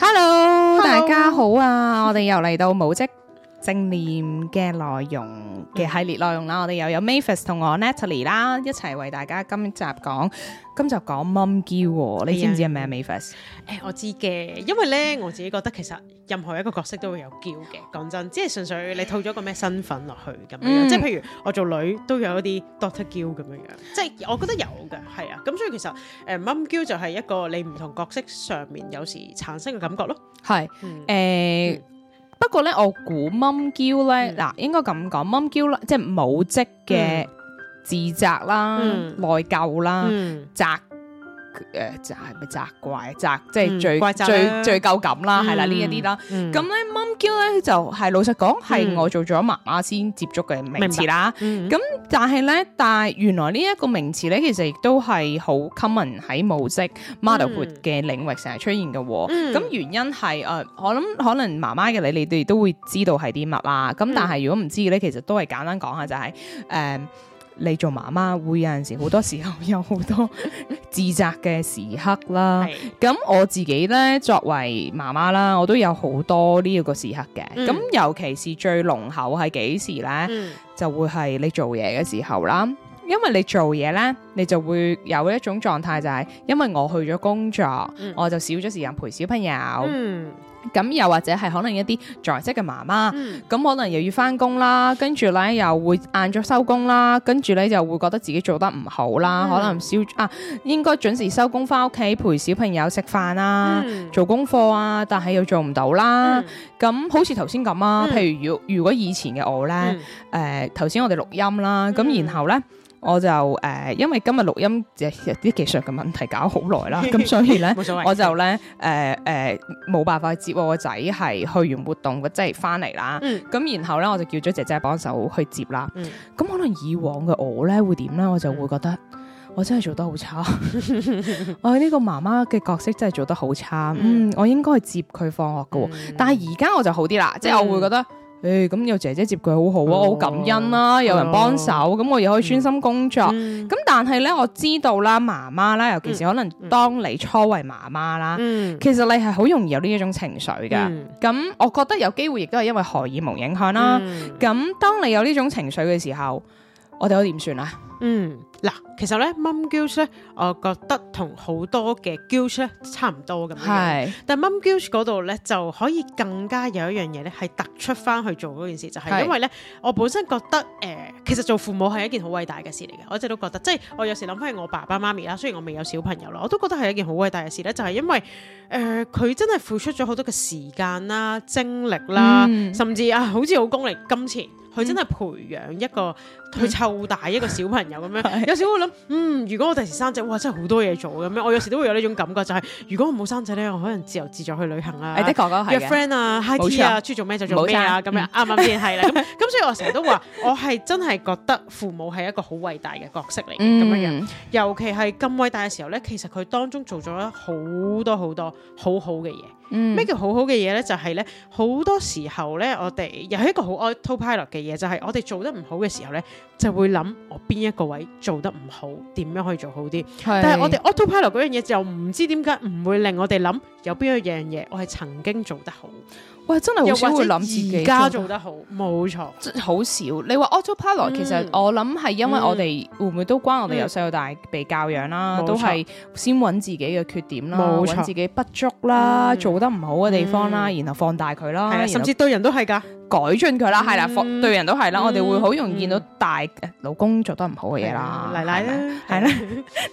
hello，大家好啊，我哋又嚟到母職正念嘅內容嘅系列內容啦，嗯、我哋又有 m a y f i r s 同我 n a t a l i e 啦一齊為大家今集講，今就講 m u m 嬌喎，il, 你知唔知係咩啊 m a y f i r s,、嗯 哎、我知嘅，因為咧我自己覺得其實任何一個角色都會有 g 嬌嘅，講真，即係純粹你套咗個咩身份落去咁樣，嗯、即係譬如我做女都有一啲 doctor g 嬌咁樣樣，即係我覺得有嘅，係啊、嗯，咁所以其實誒 mom 嬌就係一個你唔同角色上面有時產生嘅感覺咯，係誒是。嗯嗯不過呢，我估 Mom Guilt 呢，嗱、嗯、應該咁講，Mom Guilt、um、即係母職嘅自責啦、嗯、內疚啦、責、嗯。嗯誒，就係咪責怪責，即係最、嗯、最最夠感啦，係啦呢一啲啦。咁咧，Mom Guilt 咧就係、是、老實講，係、嗯、我做咗媽媽先接觸嘅名詞啦。咁、嗯、但係咧，但係原來呢一個名詞咧，其實亦都係好 common 喺模式 motherhood 嘅領域成日出現嘅。咁、嗯嗯、原因係誒，我、呃、諗可能媽媽嘅你，你哋都會知道係啲乜啦。咁但係如果唔知嘅咧，其實都係簡單講下就係、是、誒。呃嗯你做媽媽會有陣時好多時候有好多 自責嘅時刻啦。咁是我自己咧作為媽媽啦，我都有好多呢個個時刻嘅。咁、嗯、尤其是最濃厚係幾時咧？嗯、就會係你做嘢嘅時候啦。因為你做嘢咧，你就會有一種狀態就係因為我去咗工作，嗯、我就少咗時間陪小朋友。嗯咁又或者係可能一啲在職嘅媽媽，咁、嗯、可能又要翻工，啦跟住咧又會晏咗收工啦，跟住咧就會覺得自己做得唔好啦，嗯、可能小啊應該準時收工翻屋企陪小朋友食飯啊，嗯、做功課啊，但係又做唔到啦。咁、嗯、好似頭先咁啊，嗯、譬如如如果以前嘅我咧，誒頭先我哋錄音啦，咁然後咧。嗯我就誒，因為今日錄音日啲技術嘅問題搞好耐啦，咁所以咧，我就咧誒誒冇辦法接我個仔係去完活動即係翻嚟啦。咁然後咧，我就叫咗姐姐幫手去接啦。咁可能以往嘅我咧會點咧？我就會覺得我真係做得好差，我呢個媽媽嘅角色真係做得好差。嗯，我應該去接佢放學嘅喎。但係而家我就好啲啦，即係我會覺得。誒，咁、欸、有姐姐接佢好好啊，我好、哦、感恩啦、啊，有人幫手，咁、哦、我又可以專心工作。咁、嗯、但係咧，我知道啦，媽媽啦，尤其是可能當你初為媽媽啦，嗯、其實你係好容易有呢一種情緒噶。咁、嗯、我覺得有機會亦都係因為荷爾蒙影響啦、啊。咁、嗯、當你有呢種情緒嘅時候，我哋可以點算啊？嗯，嗱，其實咧 Mom Guilt 咧，我覺得同好多嘅 guilt 咧差唔多咁樣，是但係 Mom Guilt 嗰度咧就可以更加有一樣嘢咧，係突出翻去做嗰件事，就係、是、因為咧，是我本身覺得誒、呃，其實做父母係一件好偉大嘅事嚟嘅，我一直都覺得，即係我有時諗翻起我爸爸媽咪啦，雖然我未有小朋友啦，我都覺得係一件好偉大嘅事咧，就係、是、因為誒，佢、呃、真係付出咗好多嘅時間啦、精力啦，嗯、甚至啊，好似好功利金錢，佢真係培養一個去湊大一個小朋友。嗯有咁樣，是是有時會諗，嗯，如果我第時生仔，哇，真係好多嘢做咁樣。我有時都會有呢種感覺，就係、是、如果我冇生仔咧，我可能自由自在去旅行啦，約 friend 啊，high tea 啊，中意沒錯、啊、做咩就做咩啊，咁沒錯 樣啱唔啱先係啦。咁所以我成日都話，我係真係覺得父母係一個好偉大嘅角色嚟嘅咁樣，嗯、尤其係咁偉大嘅時候咧，其實佢當中做咗好多好多好好嘅嘢。咩叫好好嘅嘢咧？就係咧，好多時候咧，我哋又係一個好 autopilot 嘅嘢，就係、是、我哋做得唔好嘅時候咧，就會諗我邊一個位做得唔好，點樣可以做好啲。是但係我哋 autopilot 嗰樣嘢就唔知點解唔會令我哋諗有邊一樣嘢我係曾經做得好。喂，真係好少會諗自己家做得好，冇錯，好少。你話 autopilot，其實我諗係因為我哋會唔會都關我哋由細到大被教養啦，都係先揾自己嘅缺點啦，揾自己不足啦，做得唔好嘅地方啦，然後放大佢啦，甚至對人都係噶，改進佢啦，係啦，對人都係啦，我哋會好容易見到大老公做得唔好嘅嘢啦，奶奶咧係咧，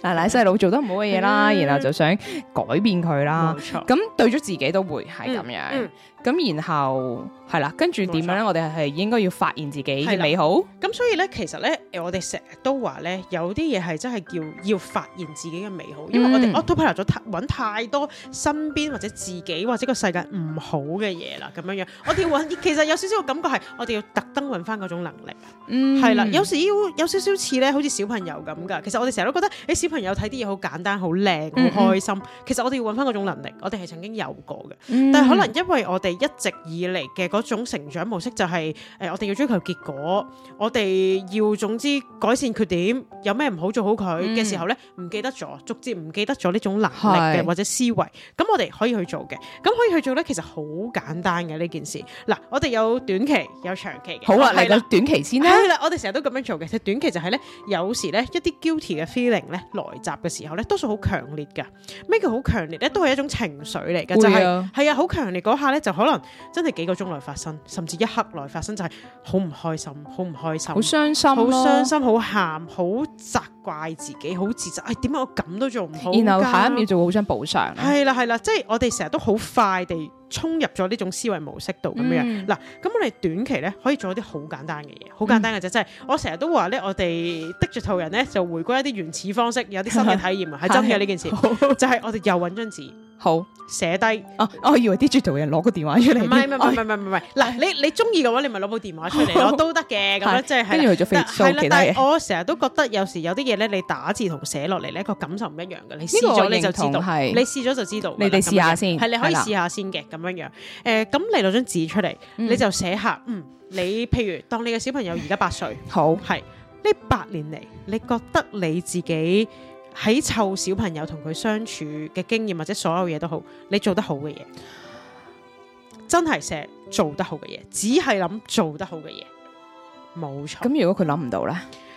奶奶細佬做得唔好嘅嘢啦，然後就想改變佢啦，咁對咗自己都會係咁樣。咁然後係啦，跟住點樣咧？沒錯 我哋係應該要發現自己嘅美好。咁所以咧，其實咧，我哋成日都話咧，有啲嘢係真係叫要發現自己嘅美好，因為我哋我都拋咗太多身邊或者自己或者個世界唔好嘅嘢啦，咁樣樣我哋揾，嗯嗯、其實有少少感覺係我哋要特登揾翻嗰種能力，係、嗯、啦，有時要有少少似咧，好似小朋友咁噶。其實我哋成日都覺得，誒、欸，小朋友睇啲嘢好簡單、好靚、好開心。嗯嗯，其實我哋要揾翻嗰種能力，我哋係曾經有過嘅，嗯、但係可能因為我哋。一直以嚟嘅嗰種成長模式就係誒，我哋要追求結果，我哋要總之改善缺點，有咩唔好做好佢嘅時候咧，唔記得咗，逐漸唔記得咗呢種能力嘅或者思維，咁我哋可以去做嘅，咁可以去做咧，其實好簡單嘅呢件事。嗱，我哋有短期有長期嘅，好啦，嚟個短期先啦。係啦，我哋成日都咁樣做嘅，其實短期就係咧，有時咧一啲 guilty 嘅 feeling 咧來襲嘅時候咧，多數好強烈噶，咩叫好強烈咧？都係一種情緒嚟嘅，就係係啊，好強烈嗰下咧就。可能真係幾個鐘內發生，甚至一刻內發生，就係好唔開心，好唔開心，好傷心，心，好傷心，好喊，好責怪自己，好自責。哎，點解我咁都做唔好？然後下一秒就會好想補償，啊。係啦係啦，即係、就是、我哋成日都好快地衝入咗呢種思維模式度咁、嗯、樣。嗱，咁我哋短期咧可以做一啲好簡單嘅嘢，好簡單嘅啫。即係我成日都話咧，我哋啲 digital 人咧就回歸一啲原始方式，有啲新嘅體驗啊，係真嘅呢件事，就係我哋又搵張紙。 好寫低哦！我以為啲 digital 嘅人攞個電話出嚟，唔係唔係唔係唔係唔係。嗱，你你中意嘅話，你咪攞部電話出嚟咯，都得嘅咁樣即係。跟住為咗 Facebook 其他嘅，但係我成日都覺得有時有啲嘢咧，你打字同寫落嚟咧個感受唔一樣嘅。你試咗你就知道，你試咗就知道。你哋試下先，係你可以試下先嘅咁樣樣。誒，咁你攞張紙出嚟，你就寫下，嗯，你譬如當你嘅小朋友而家八歲，好係，呢八年嚟你覺得你自己？喺湊小朋友同佢相處嘅經驗，或者所有嘢都好，你做得好嘅嘢，真係成日做得好嘅嘢，只係諗做得好嘅嘢，冇錯。咁如果佢諗唔到咧，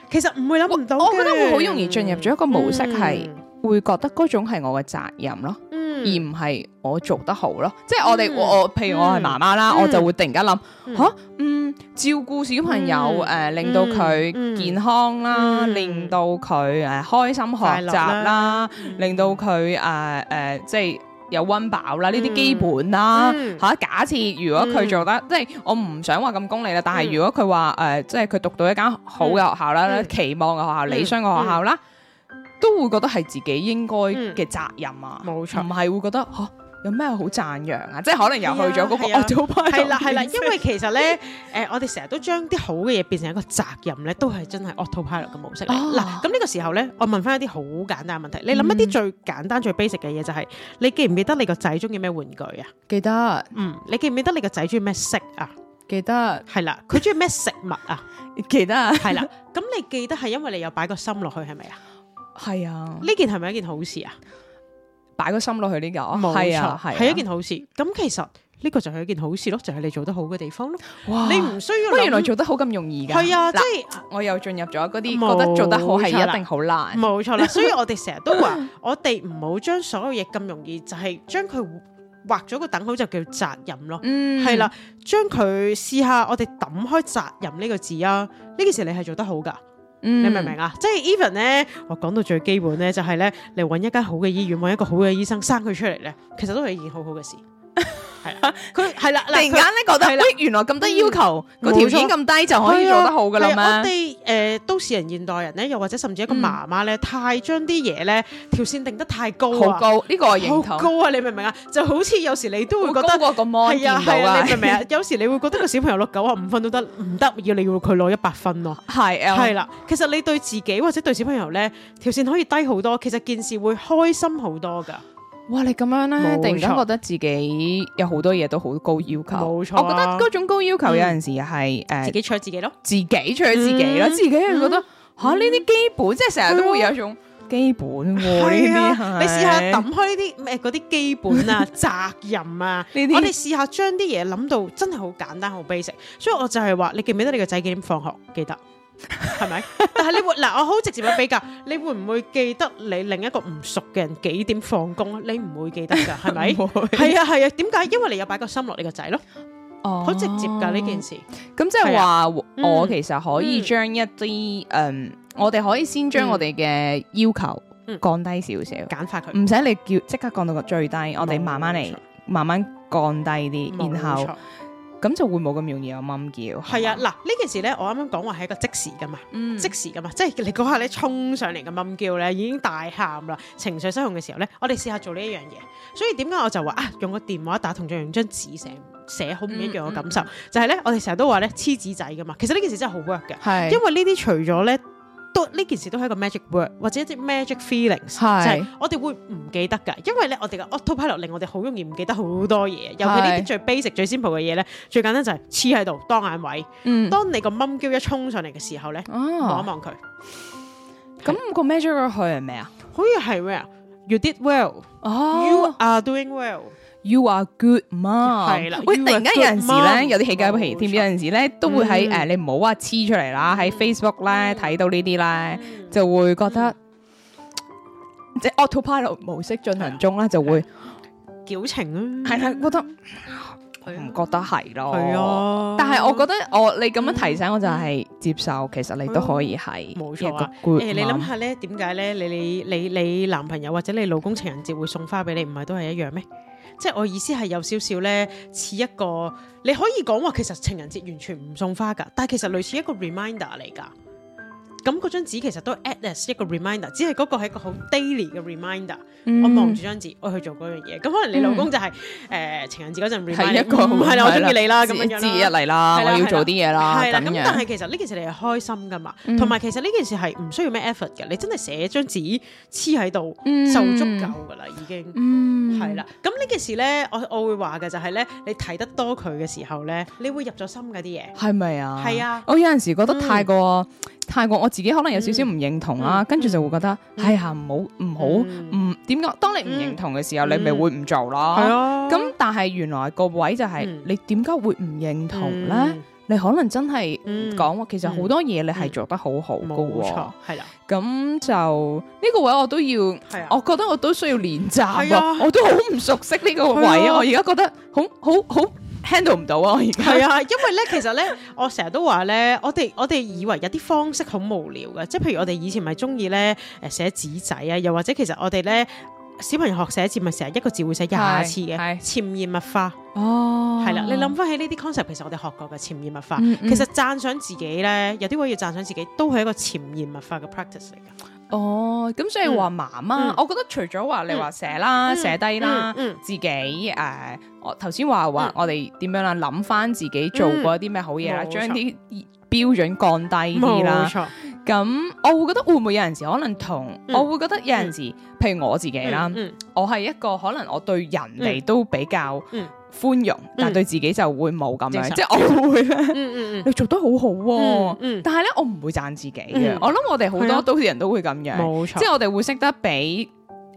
其實唔會諗唔到我。我覺得會好容易進入咗一個模式，係會覺得嗰種係我嘅責任咯。嗯而唔係我做得好咯，即係我哋我譬如我係媽媽啦，我就會突然間諗吓，嗯，照顧小朋友誒，令到佢健康啦，令到佢誒開心學習啦，令到佢誒誒，即係有溫飽啦，呢啲基本啦吓。假設如果佢做得，即係我唔想話咁功利啦，但係如果佢話誒，即係佢讀到一間好嘅學校啦，期望嘅學校、理想嘅學校啦。都會覺得係自己應該嘅責任啊，冇錯、嗯，唔係會覺得吓、啊、有咩好讚揚啊，即係可能又去咗個 Autopilot 係啦係啦，因為其實咧，誒、 呃，我哋成日都將啲好嘅嘢變成一個責任咧，都係真係 Autopilot 嘅模式嚟嗱，咁呢、啊、個時候咧，我問翻一啲好簡單嘅問題。你諗一啲最簡單、嗯、最 basic 嘅嘢，就係你記唔記得你個仔中意咩玩具啊？記得。嗯，你記唔記得你個仔中意咩色啊？記得。係啦，佢中意咩食物啊？記得。係 啦，咁你記得係因為你有擺個心落去係咪啊？是係啊，呢件係咪一件好事啊？擺個心落去呢個，冇錯啊，係啊，係一件好事。咁其實呢個就係一件好事咯，就係你做得好嘅地方咯。哇，你唔需要，我原來做得好咁容易噶。係啊，即係我又進入咗嗰啲覺得做得好係一定好難，冇錯啦，啦。所以我哋成日都話， 我哋唔好將所有嘢咁容易，就係將佢畫咗個等號就叫責任咯。嗯，係啦，將佢試下我哋抌開責任呢個字啊，呢件事你係做得好噶。你明唔明啊？即係 even 咧，我講到最基本咧，就係咧你揾一間好嘅醫院，揾一個好嘅醫生，生佢出嚟咧，其實都係一件好好嘅事。係啦，佢係啦，突然間咧覺得，喂，原來咁多要求，個條件咁低就可以做得好噶啦咩？我哋誒都市人、現代人咧，又或者甚至一個媽媽咧，太將啲嘢咧條線定得太高，好高，呢個係要求高啊！你明唔明啊？就好似有時你都會覺得高過個 m 係啊，係啊，你明唔明啊？有時你會覺得個小朋友攞九十五分都得，唔得要你要佢攞一百分咯，係係啦。其實你對自己或者對小朋友咧條線可以低好多，其實件事會開心好多噶。哇！你咁樣咧，突然間覺得自己有好多嘢都好高要求，冇錯，我覺得嗰種高要求有陣時係誒，自己吹自己咯，自己吹自己咯，自己會覺得吓呢啲基本，即係成日都會有一種基本。係啊，你試下抌開呢啲咩嗰啲基本啊、責任啊呢啲，我哋試下將啲嘢諗到真係好簡單、好 basic。所以我就係話，你記唔記得你個仔幾點放學？記得。係咪？但係你會嗱，我好直接去比較，你會唔會記得你另一個唔熟嘅人幾點放工？你唔會記得噶，係咪？係啊，係啊。點解？因為你有擺個心落你個仔咯。哦，好直接噶呢件事。咁即係話，我其實可以將一啲，嗯，我哋可以先將我哋嘅要求，降低少少，簡化佢，唔使你叫即刻降到個最低，我哋慢慢嚟，慢慢降低啲，然後。咁就會冇咁容易有蚊叫，係吧啊！嗱呢件事咧，我啱啱講話係一個即時㗎嘛，嗯、即時㗎嘛，即係你嗰下咧衝上嚟嘅蚊叫咧已經大喊啦，情緒失控嘅時候咧，我哋試下做呢一樣嘢。所以點解我就話啊，用個電話打同著用張紙寫寫好唔一樣嘅感受，嗯嗯，就係咧我哋成日都話咧黐紙仔㗎嘛，其實呢件事真係好 work 嘅，是 因為呢啲除咗咧。呢、哦、件事都係一個 magic word 或者一啲 magic feelings，是就係我哋會唔記得噶，因為咧我哋嘅 autopilot 令我哋好容易唔記得好多嘢，是尤其呢啲最 basic 最 simple 嘅嘢咧，最簡單就係黐喺度當眼位。嗯，當你個 Mom Guilt 一衝上嚟嘅時候咧，望、哦、一望佢。咁、這個 measure 佢係咩啊？可以係咩啊？You did well 哦。哦，You are doing well。You are good mom。係啦，喂，突然間有陣時咧，有啲起雞皮添有陣時咧，都會喺誒，你唔好話黐出嚟啦，喺 Facebook 咧睇到呢啲咧，就會覺得即係 autopilot 模式進行中啦，就會矯情啦。係啦，覺得佢唔覺得係咯？係啊，但係我覺得我你咁樣提醒，我就係接受。其實你都可以係冇錯啊。good，你諗下咧，點解咧？你你你你男朋友或者你老公情人節會送花俾你，唔係都係一樣咩？即係我意思係有少少呢似一個，你可以講話其實情人節完全唔送花㗎，但係其實類似一個 reminder 嚟㗎。咁嗰張紙其實都 at least 一個 reminder，只係嗰個係一個好 daily 嘅 reminder。我望住張紙，我去做嗰樣嘢。咁可能你老公就係誒情人節嗰陣 reminder，係一個，我中意你啦咁樣啦，之一嚟啦，我要做啲嘢啦咁，但係其實呢件事你係開心噶嘛？同埋其實呢件事係唔需要咩 effort 嘅。你真係寫張紙黐喺度就足夠噶啦，已經。嗯，係啦。咁呢件事咧，我我會話嘅就係咧，你睇得多佢嘅時候咧，你會入咗心嗰啲嘢。係咪啊？係啊！我有陣時覺得太過太過我。自己可能有少少唔認同啦，跟住就會覺得，哎呀，唔好唔好唔點講，當你唔認同嘅時候，你咪會唔做咯。係啊，咁但係原來個位就係你點解會唔認同咧？你可能真係講，其實好多嘢你係做得好好嘅，冇錯，係啦。咁就呢個位我都要，我覺得我都需要練習啊，我都好唔熟悉呢個位啊，我而家覺得好好好。handle 唔到啊！係啊，因為咧，其實咧，我成日都話咧，我哋我哋以為有啲方式好無聊噶，即係譬如我哋以前咪中意咧，誒，寫紙仔啊，又或者其實我哋咧，小朋友學寫字咪成日一個字會寫廿次嘅，係潛移默化哦，係啦，你諗翻起呢啲 concept，其實我哋學過嘅潛移默化，嗯嗯，其實讚賞自己咧，有啲位要讚賞自己，都係一個潛移默化嘅 practice 嚟噶。哦，咁所以話媽媽，嗯嗯、我覺得除咗話你話寫啦，嗯、寫低啦，嗯嗯、自己誒、呃，我頭先話話我哋點樣啦，諗翻、嗯、自己做過啲咩好嘢啦。冇錯，將啲標準降低啲啦。咁我會覺得會唔會有陣時可能同我會覺得有陣時，譬如我自己啦，我係一個可能我對人哋都比較寬容，但對自己就會冇咁樣，即係我會，你做得好好喎，但係咧我唔會讚自己嘅。我諗我哋好多都市人都會咁樣，即係我哋會識得俾。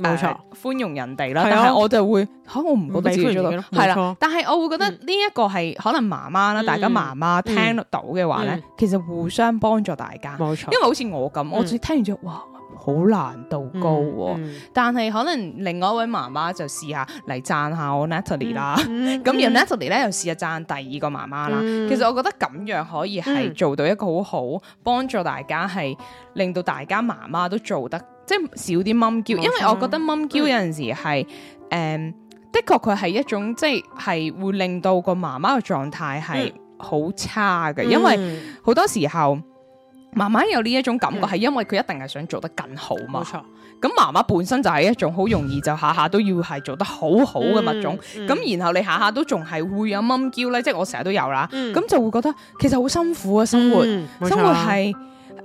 冇錯，寬容人哋啦。但係，我就會，吓，我唔覺得自己做到，係啦。但係我會覺得呢一個係可能媽媽啦，大家媽媽聽到嘅話咧，其實互相幫助大家。冇錯，因為好似我咁，我最聽完之後，哇，好難度高。但係可能另外一位媽媽就試下嚟讚下我 Natalie 啦。咁而 Natalie 咧又試下讚第二個媽媽啦。其實我覺得咁樣可以係做到一個好好幫助大家，係令到大家媽媽都做得。即係少啲 Mom Guilt，因為我覺得 Mom Guilt 有陣時係，誒，的確佢係一種即係會令到個媽媽嘅狀態係好差嘅，因為好多時候媽媽有呢一種感覺，係因為佢一定係想做得更好嘛。冇錯，咁媽媽本身就係一種好容易就下下都要係做得好好嘅物種，咁然後你下下都仲係會有 Mom Guilt 咧，即係我成日都有啦。咁就會覺得其實好辛苦啊，生活，生活係。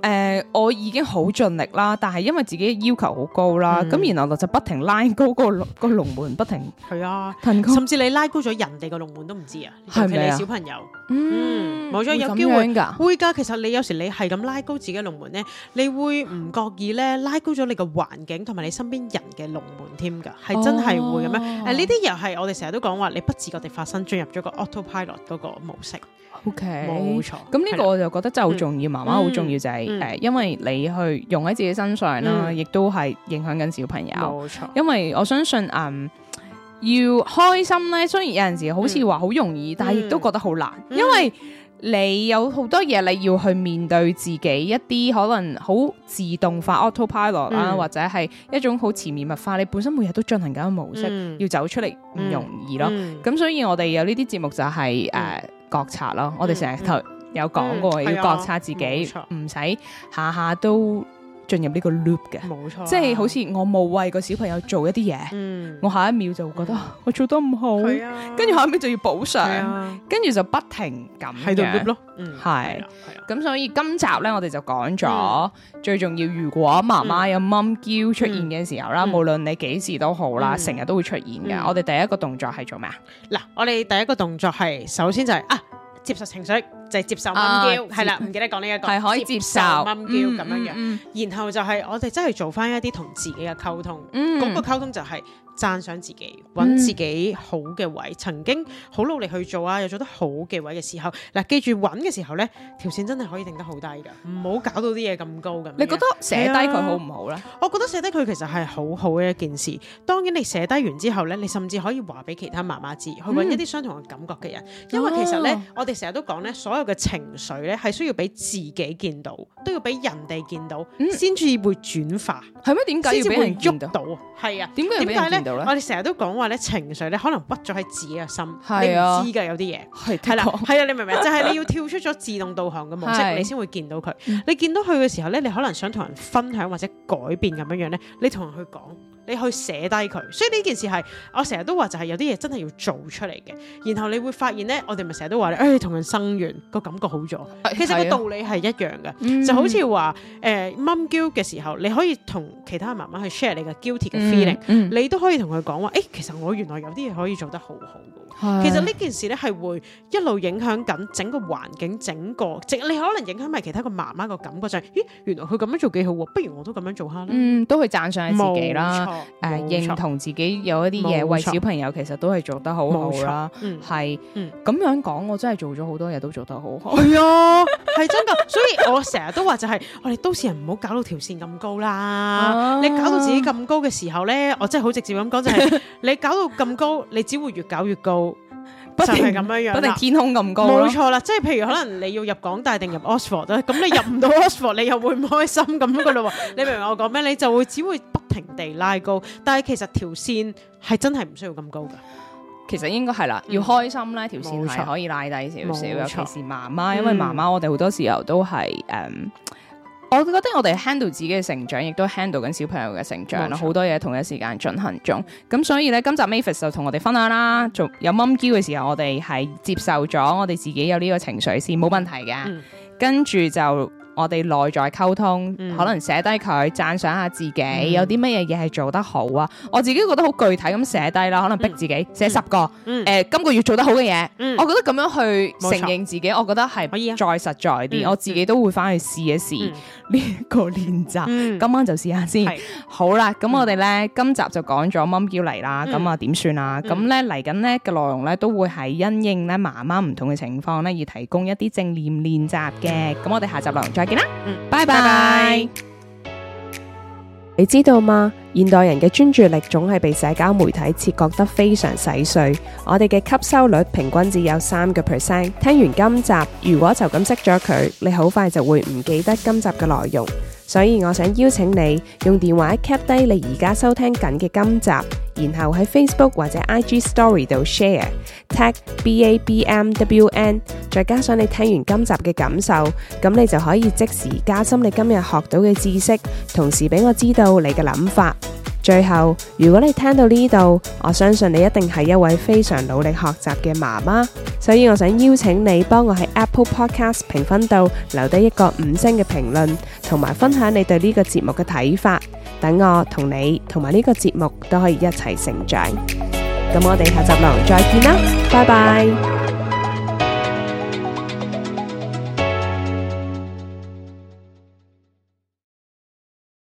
誒、呃，我已經好盡力啦，但係因為自己要求好高啦，咁、嗯、然後就不停拉高、個、個龍門，不停係啊，嗯、高甚至你拉高咗人哋個龍門都唔知啊，嗎尤其你小朋友，嗯，冇咗、嗯、有機會會噶，其實你有時你係咁拉高自己龍門咧，你會唔覺意咧拉高咗你個環境同埋你身邊人嘅龍門添噶，係真係會咁樣，誒呢啲又係我哋成日都講話，你不自覺地發生進入咗個 auto pilot 嗰個模式。OK，冇錯。咁呢 Okay. 沒錯 個我就覺得真係好重要，媽媽好重要就係誒，因為你去用喺自己身上啦，亦都係影響緊小朋友。冇錯。因為我相信，嗯，要開心咧，雖然有陣時好似話好容易，但係亦都覺得好難，因為你有好多嘢你要去面對自己，一啲可能好自動化 （auto pilot） 啦，或者係一種好前面物化，你本身每日都進行緊嘅模式，要走出嚟唔容易咯。咁所以，我哋有呢啲節目就係、是、誒。呃嗯嗯覺察咯，我哋成日有講過，嗯，要覺察自己，唔使下下都。進入呢個 loop 嘅，即係好似我冇為個小朋友做一啲嘢，我下一秒就會覺得我做得唔好，係啊，跟住下一秒就要補償，跟住就不停咁嘅，喺度 loop 咯，係，咁所以今集咧，我哋就講咗最重要，如果媽媽有 Mom Guilt 出現嘅時候啦，無論你幾時都好啦，成日都會出現嘅。我哋第一個動作係做咩啊？嗱，我哋第一個動作係首先就係啊，接受情緒。就係接受 Mom Guilt，uh、係啦，唔記得講呢一個，係可以接受 Mom Guilt 咁樣樣，嗯嗯、然後就係我哋真係做翻一啲同自己嘅溝通，嗰、嗯、個溝通就係，是。讚賞自己，揾自己好嘅位，嗯、曾經好努力去做啊，又做得好嘅位嘅時候，嗱，記住揾嘅時候咧，條線真係可以定得好低㗎，唔好、嗯、搞到啲嘢咁高咁。你覺得寫低佢好唔好咧、啊？我覺得寫低佢其實係好好嘅一件事。當然你寫低完之後咧，你甚至可以話俾其他媽媽知，去揾一啲相同嘅感覺嘅人，嗯、因為其實咧，啊、我哋成日都講咧，所有嘅情緒咧係需要俾自己見到，都要俾人哋見到，先至、嗯、會轉化，係咩？點解要俾人喐到啊？係啊，點解點解咧？ 我哋成日都講話咧，情緒咧可能屈咗喺自己嘅心，啊、你唔知㗎有啲嘢係啦，係啊，你明唔明？ 就係你要跳出咗自動導航嘅模式， 的你先會見到佢。你見到佢嘅時候咧，你可能想同人分享或者改變咁樣樣咧，你同人去講。你去寫低佢，所以呢件事係我成日都話就係有啲嘢真係要做出嚟嘅。然後你會發現咧，我哋咪成日都話咧，同、哎、人生完個感覺好咗。是其實個道理係一樣嘅，是就好似話誒 Mom Guilt 嘅時候，嗯呃、媽媽你可以同其他媽媽去 share 你嘅 guilty 嘅 feeling，你都可以同佢講話，誒、哎、其實我原來有啲嘢可以做得好好。是其實呢件事咧係會一路影響緊整個環境，整個整你可能影響埋其他個媽媽個感覺就係、是，咦原來佢咁樣做幾好喎，不如我都咁樣做下咧、嗯。都去讚賞自己啦。誒，認同自己有一啲嘢為小朋友，其實都係做得好好啦。係咁樣講，我真係做咗好多嘢都做得好好。係啊，係真噶。所以我成日都話就係，我哋都市人唔好搞到條線咁高啦。你搞到自己咁高嘅時候咧，我真係好直接咁講就係，你搞到咁高，你只會越搞越高。不停咁樣樣，不定天空咁高，冇錯啦。即係譬如可能你要入港大定入 Oxford，咁 你入唔到 Oxford，你又會唔開心咁樣噶咯？你明唔明我講咩？你就會只會不停地拉高，但係其實條線係真係唔需要咁高噶。嗯、其實應該係啦，要開心啦。條線係可以拉低少少。沒錯 尤其是媽媽，因為媽媽我哋好多時候都係誒。嗯嗯我覺得我哋 handle 自己嘅成長，亦都 handle 緊小朋友嘅成長啦，好多嘢同一時間進行中。咁所以咧，今集 Mavis 就同我哋分享啦，做有 Mom Guilt 嘅時候，我哋係接受咗，我哋自己有呢個情緒先冇問題嘅。嗯、跟住就。我哋內在溝通，可能寫低佢，讚賞下自己，有啲乜嘢嘢係做得好啊？我自己覺得好具體咁寫低啦，可能逼自己寫十個，誒，今個月做得好嘅嘢，我覺得咁樣去承認自己，我覺得係再實在啲。我自己都會翻去試一試呢個練習，今晚就試下先。好啦，咁我哋咧今集就講咗 Mom Guilt 嚟啦，咁啊點算啊？咁咧嚟緊呢嘅內容咧都會係因應咧媽媽唔同嘅情況咧，而提供一啲正念練習嘅。咁我哋下集再見啦，拜拜。你知道嗎？現代人嘅專注力總係被社交媒體切割得非常細碎，我哋嘅吸收率平均只有三個 percent。聽完今集，如果就咁識咗佢，你好快就會唔記得今集嘅內容。所以我想邀請你用電話 cap 低你而家收聽緊嘅今集，然後喺 Facebook 或者 IG Story 度 share，tag B A B M W N，再加上你聽完今集嘅感受，咁你就可以即時加深你今日學到嘅知識，同時俾我知道你嘅諗法。最後，如果你聽到呢度，我相信你一定係一位非常努力學習嘅媽媽，所以我想邀請你幫我喺 Apple Podcast 評分度留低一個五星嘅評論，同埋分享你對呢個節目嘅睇法，等我同你同埋呢個節目都可以一齊成長。咁我哋下集又再見啦，拜拜。